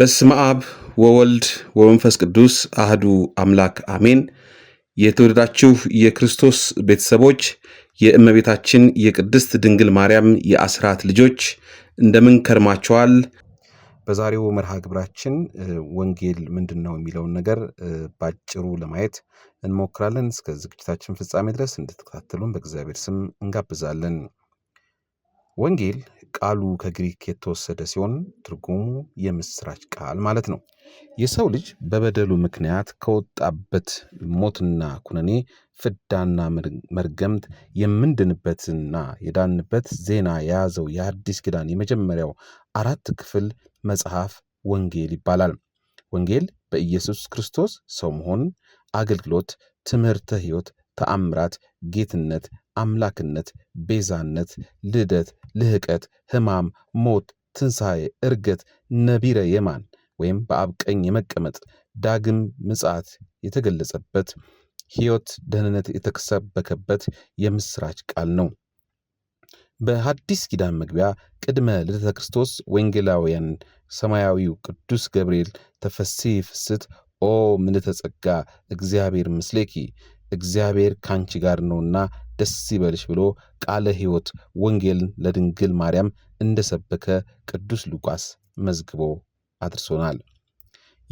በስመ አብ ወወልድ ወመንፈስ ቅዱስ አህዱ አምላክ አሜን። የተወደዳችሁ የክርስቶስ ቤተሰቦች የእመቤታችን የቅድስት ድንግል ማርያም የአስራት ልጆች እንደምን ከርማችኋል? በዛሬው መርሃ ግብራችን ወንጌል ምንድን ነው የሚለውን ነገር ባጭሩ ለማየት እንሞክራለን። እስከ ዝግጅታችን ፍጻሜ ድረስ እንድትከታተሉን በእግዚአብሔር ስም እንጋብዛለን። ወንጌል ቃሉ ከግሪክ የተወሰደ ሲሆን ትርጉሙ የምስራች ቃል ማለት ነው። የሰው ልጅ በበደሉ ምክንያት ከወጣበት ሞትና ኩነኔ ፍዳና መርገምት የምንድንበትና የዳንበት ዜና የያዘው የአዲስ ኪዳን የመጀመሪያው አራት ክፍል መጽሐፍ ወንጌል ይባላል። ወንጌል በኢየሱስ ክርስቶስ ሰው መሆን፣ አገልግሎት፣ ትምህርተ ሕይወት፣ ተአምራት፣ ጌትነት፣ አምላክነት፣ ቤዛነት፣ ልደት፣ ልህቀት፣ ህማም፣ ሞት፣ ትንሣኤ፣ እርገት፣ ነቢረ የማን ወይም በአብ ቀኝ የመቀመጥ ዳግም ምጽአት የተገለጸበት ሕይወት፣ ደህንነት የተሰበከበት የምሥራች ቃል ነው። በሐዲስ ኪዳን መግቢያ ቅድመ ልደተ ክርስቶስ ወንጌላውያን ሰማያዊው ቅዱስ ገብርኤል ተፈሲ ፍስት ኦ ምልዕተ ጸጋ እግዚአብሔር ምስሌኪ እግዚአብሔር ካንቺ ጋር ነውና ደስ ይበልሽ ብሎ ቃለ ሕይወት ወንጌልን ለድንግል ማርያም እንደሰበከ ቅዱስ ሉቃስ መዝግቦ አድርሶናል።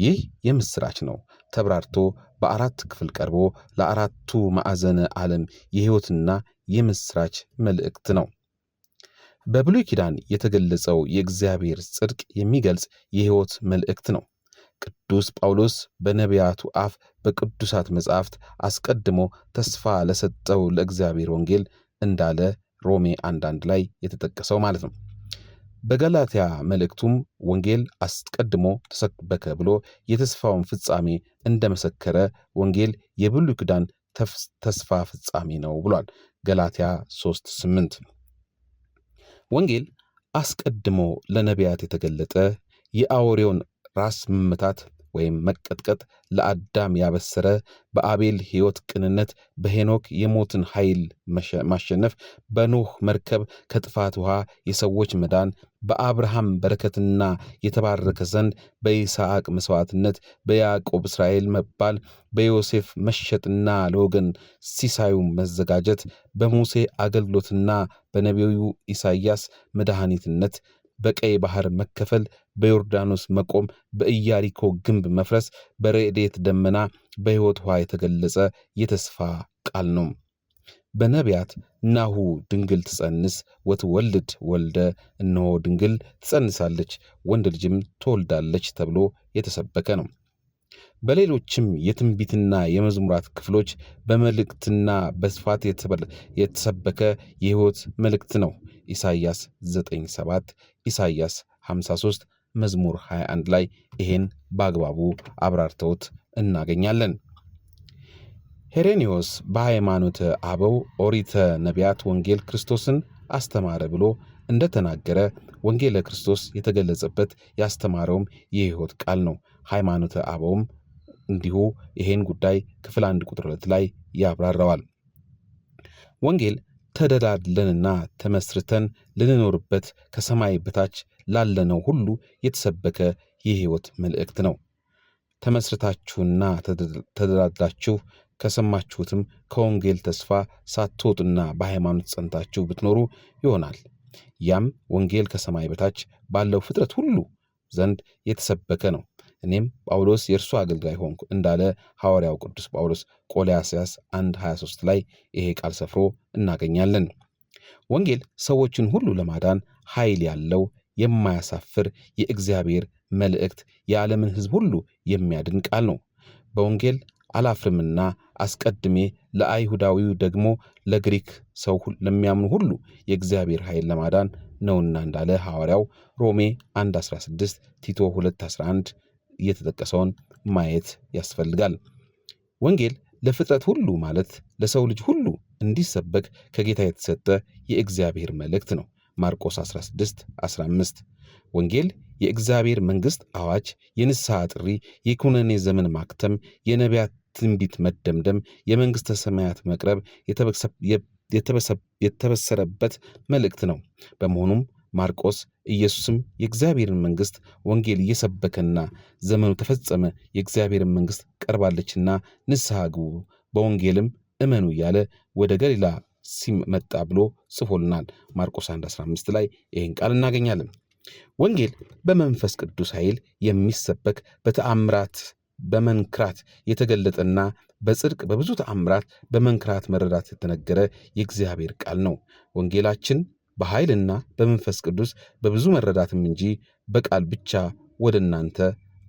ይህ የምሥራች ነው። ተብራርቶ በአራት ክፍል ቀርቦ ለአራቱ ማዕዘነ ዓለም የሕይወትና የምሥራች መልእክት ነው። በብሉይ ኪዳን የተገለጸው የእግዚአብሔር ጽድቅ የሚገልጽ የሕይወት መልእክት ነው። ቅዱስ ጳውሎስ በነቢያቱ አፍ በቅዱሳት መጻሕፍት አስቀድሞ ተስፋ ለሰጠው ለእግዚአብሔር ወንጌል እንዳለ ሮሜ አንዳንድ ላይ የተጠቀሰው ማለት ነው። በገላትያ መልእክቱም ወንጌል አስቀድሞ ተሰበከ ብሎ የተስፋውን ፍጻሜ እንደመሰከረ ወንጌል የብሉይ ኪዳን ተስፋ ፍጻሜ ነው ብሏል። ገላትያ 3፥8 ወንጌል አስቀድሞ ለነቢያት የተገለጠ የአውሬውን ራስ መመታት ወይም መቀጥቀጥ ለአዳም ያበሰረ በአቤል ሕይወት ቅንነት በሄኖክ የሞትን ኃይል ማሸነፍ በኖህ መርከብ ከጥፋት ውሃ የሰዎች መዳን በአብርሃም በረከትና የተባረከ ዘንድ በይስሐቅ መሥዋዕትነት በያዕቆብ እስራኤል መባል በዮሴፍ መሸጥና ለወገን ሲሳዩ መዘጋጀት በሙሴ አገልግሎትና በነቢዩ ኢሳይያስ መድኃኒትነት በቀይ ባህር መከፈል፣ በዮርዳኖስ መቆም፣ በኢያሪኮ ግንብ መፍረስ፣ በረድኤት ደመና፣ በሕይወት ውኃ የተገለጸ የተስፋ ቃል ነው። በነቢያት ናሁ ድንግል ትጸንስ ወትወልድ ወልደ፣ እነሆ ድንግል ትጸንሳለች ወንድ ልጅም ትወልዳለች ተብሎ የተሰበከ ነው። በሌሎችም የትንቢትና የመዝሙራት ክፍሎች በመልእክትና በስፋት የተሰበከ የሕይወት መልእክት ነው። ኢሳይያስ 9፥7 ኢሳይያስ 53 መዝሙር 21 ላይ ይሄን በአግባቡ አብራርተውት እናገኛለን። ሄሬኔዎስ በሃይማኖተ አበው ኦሪተ ነቢያት ወንጌል ክርስቶስን አስተማረ ብሎ እንደተናገረ ወንጌለ ክርስቶስ የተገለጸበት ያስተማረውም የሕይወት ቃል ነው። ሃይማኖተ አበውም እንዲሁ ይሄን ጉዳይ ክፍል አንድ ቁጥር ሁለት ላይ ያብራራዋል። ወንጌል ተደላድለንና ተመስርተን ልንኖርበት ከሰማይ በታች ላለነው ሁሉ የተሰበከ የሕይወት መልእክት ነው። ተመስርታችሁና ተደላድላችሁ ከሰማችሁትም ከወንጌል ተስፋ ሳትወጡና በሃይማኖት ጸንታችሁ ብትኖሩ ይሆናል። ያም ወንጌል ከሰማይ በታች ባለው ፍጥረት ሁሉ ዘንድ የተሰበከ ነው። እኔም ጳውሎስ የእርሱ አገልጋይ ሆንኩ እንዳለ ሐዋርያው ቅዱስ ጳውሎስ ቆላስይስ 1 23 ላይ ይሄ ቃል ሰፍሮ እናገኛለን። ወንጌል ሰዎችን ሁሉ ለማዳን ኃይል ያለው የማያሳፍር የእግዚአብሔር መልእክት የዓለምን ሕዝብ ሁሉ የሚያድን ቃል ነው። በወንጌል አላፍርምና አስቀድሜ ለአይሁዳዊው ደግሞ ለግሪክ ሰው ለሚያምኑ ሁሉ የእግዚአብሔር ኃይል ለማዳን ነውና እንዳለ ሐዋርያው ሮሜ 1 16 ቲቶ 2 11 እየተጠቀሰውን ማየት ያስፈልጋል። ወንጌል ለፍጥረት ሁሉ ማለት ለሰው ልጅ ሁሉ እንዲሰበክ ከጌታ የተሰጠ የእግዚአብሔር መልእክት ነው። ማርቆስ 16 15 ወንጌል የእግዚአብሔር መንግሥት አዋጅ፣ የንስሐ ጥሪ፣ የኩነኔ ዘመን ማክተም፣ የነቢያት ትንቢት መደምደም፣ የመንግሥተ ሰማያት መቅረብ የተበሰረበት መልእክት ነው። በመሆኑም ማርቆስ ኢየሱስም የእግዚአብሔርን መንግሥት ወንጌል እየሰበከና ዘመኑ ተፈጸመ የእግዚአብሔርን መንግሥት ቀርባለችና ንስሐ ግቡ በወንጌልም እመኑ እያለ ወደ ገሊላ ሲመጣ ብሎ ጽፎልናል። ማርቆስ 1፥15 ላይ ይህን ቃል እናገኛለን። ወንጌል በመንፈስ ቅዱስ ኃይል የሚሰበክ በተአምራት በመንክራት የተገለጠና በጽድቅ በብዙ ተአምራት በመንክራት መረዳት የተነገረ የእግዚአብሔር ቃል ነው። ወንጌላችን በኃይልና በመንፈስ ቅዱስ በብዙ መረዳትም እንጂ በቃል ብቻ ወደ እናንተ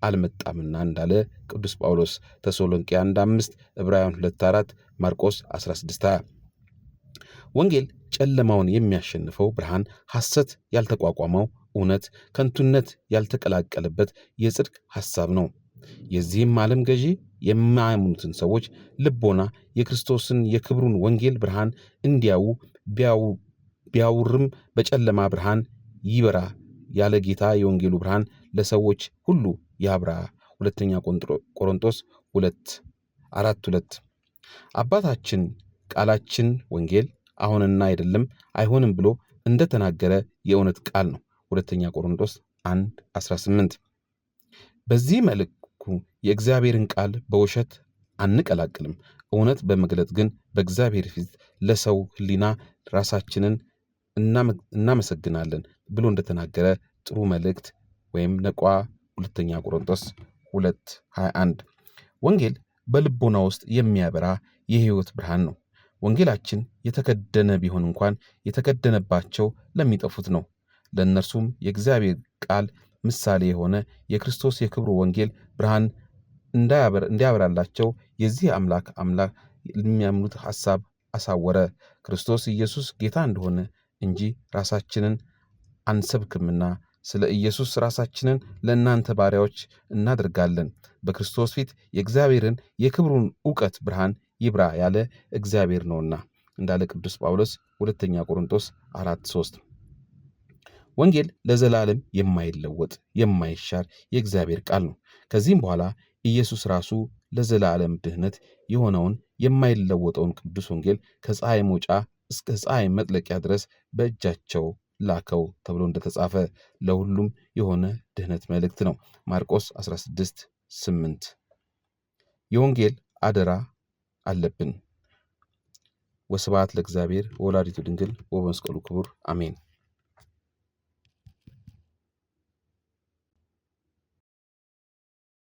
አልመጣምና እንዳለ ቅዱስ ጳውሎስ ተሰሎንቄ 1 5 ዕብራውያን 2 4 ማርቆስ 16 20 ወንጌል ጨለማውን የሚያሸንፈው ብርሃን፣ ሐሰት ያልተቋቋመው እውነት፣ ከንቱነት ያልተቀላቀለበት የጽድቅ ሐሳብ ነው። የዚህም ዓለም ገዢ የማያምኑትን ሰዎች ልቦና የክርስቶስን የክብሩን ወንጌል ብርሃን እንዲያዩ ቢያው ቢያውርም በጨለማ ብርሃን ይበራ ያለ ጌታ የወንጌሉ ብርሃን ለሰዎች ሁሉ ያብራ። ሁለተኛ ቆሮንጦስ ሁለት አራት ሁለት አባታችን ቃላችን ወንጌል አሁንና አይደለም አይሆንም ብሎ እንደተናገረ የእውነት ቃል ነው። ሁለተኛ ቆሮንጦስ 1 18 በዚህ መልኩ የእግዚአብሔርን ቃል በውሸት አንቀላቅልም። እውነት በመግለጥ ግን በእግዚአብሔር ፊት ለሰው ሕሊና ራሳችንን እናመሰግናለን ብሎ እንደተናገረ ጥሩ መልእክት ወይም ነቋ ሁለተኛ ቆሮንጦስ ሁለት ወንጌል በልቦና ውስጥ የሚያበራ የህይወት ብርሃን ነው። ወንጌላችን የተከደነ ቢሆን እንኳን የተከደነባቸው ለሚጠፉት ነው። ለእነርሱም የእግዚአብሔር ቃል ምሳሌ የሆነ የክርስቶስ የክብሩ ወንጌል ብርሃን እንዲያበራላቸው የዚህ አምላክ አምላክ የሚያምኑት ሐሳብ አሳወረ። ክርስቶስ ኢየሱስ ጌታ እንደሆነ እንጂ ራሳችንን አንሰብክምና ስለ ኢየሱስ ራሳችንን ለእናንተ ባሪያዎች እናደርጋለን፣ በክርስቶስ ፊት የእግዚአብሔርን የክብሩን ዕውቀት ብርሃን ይብራ ያለ እግዚአብሔር ነውና እንዳለ ቅዱስ ጳውሎስ ሁለተኛ ቆሮንቶስ አራት ሶስት ወንጌል ለዘላለም የማይለወጥ የማይሻር የእግዚአብሔር ቃል ነው። ከዚህም በኋላ ኢየሱስ ራሱ ለዘላለም ድህነት የሆነውን የማይለወጠውን ቅዱስ ወንጌል ከፀሐይ መውጫ እስከ ፀሐይ መጥለቂያ ድረስ በእጃቸው ላከው ተብሎ እንደተጻፈ ለሁሉም የሆነ ድህነት መልእክት ነው። ማርቆስ 16 8 የወንጌል አደራ አለብን። ወስብሐት ለእግዚአብሔር ወላዲቱ ድንግል ወበመስቀሉ ክቡር አሜን።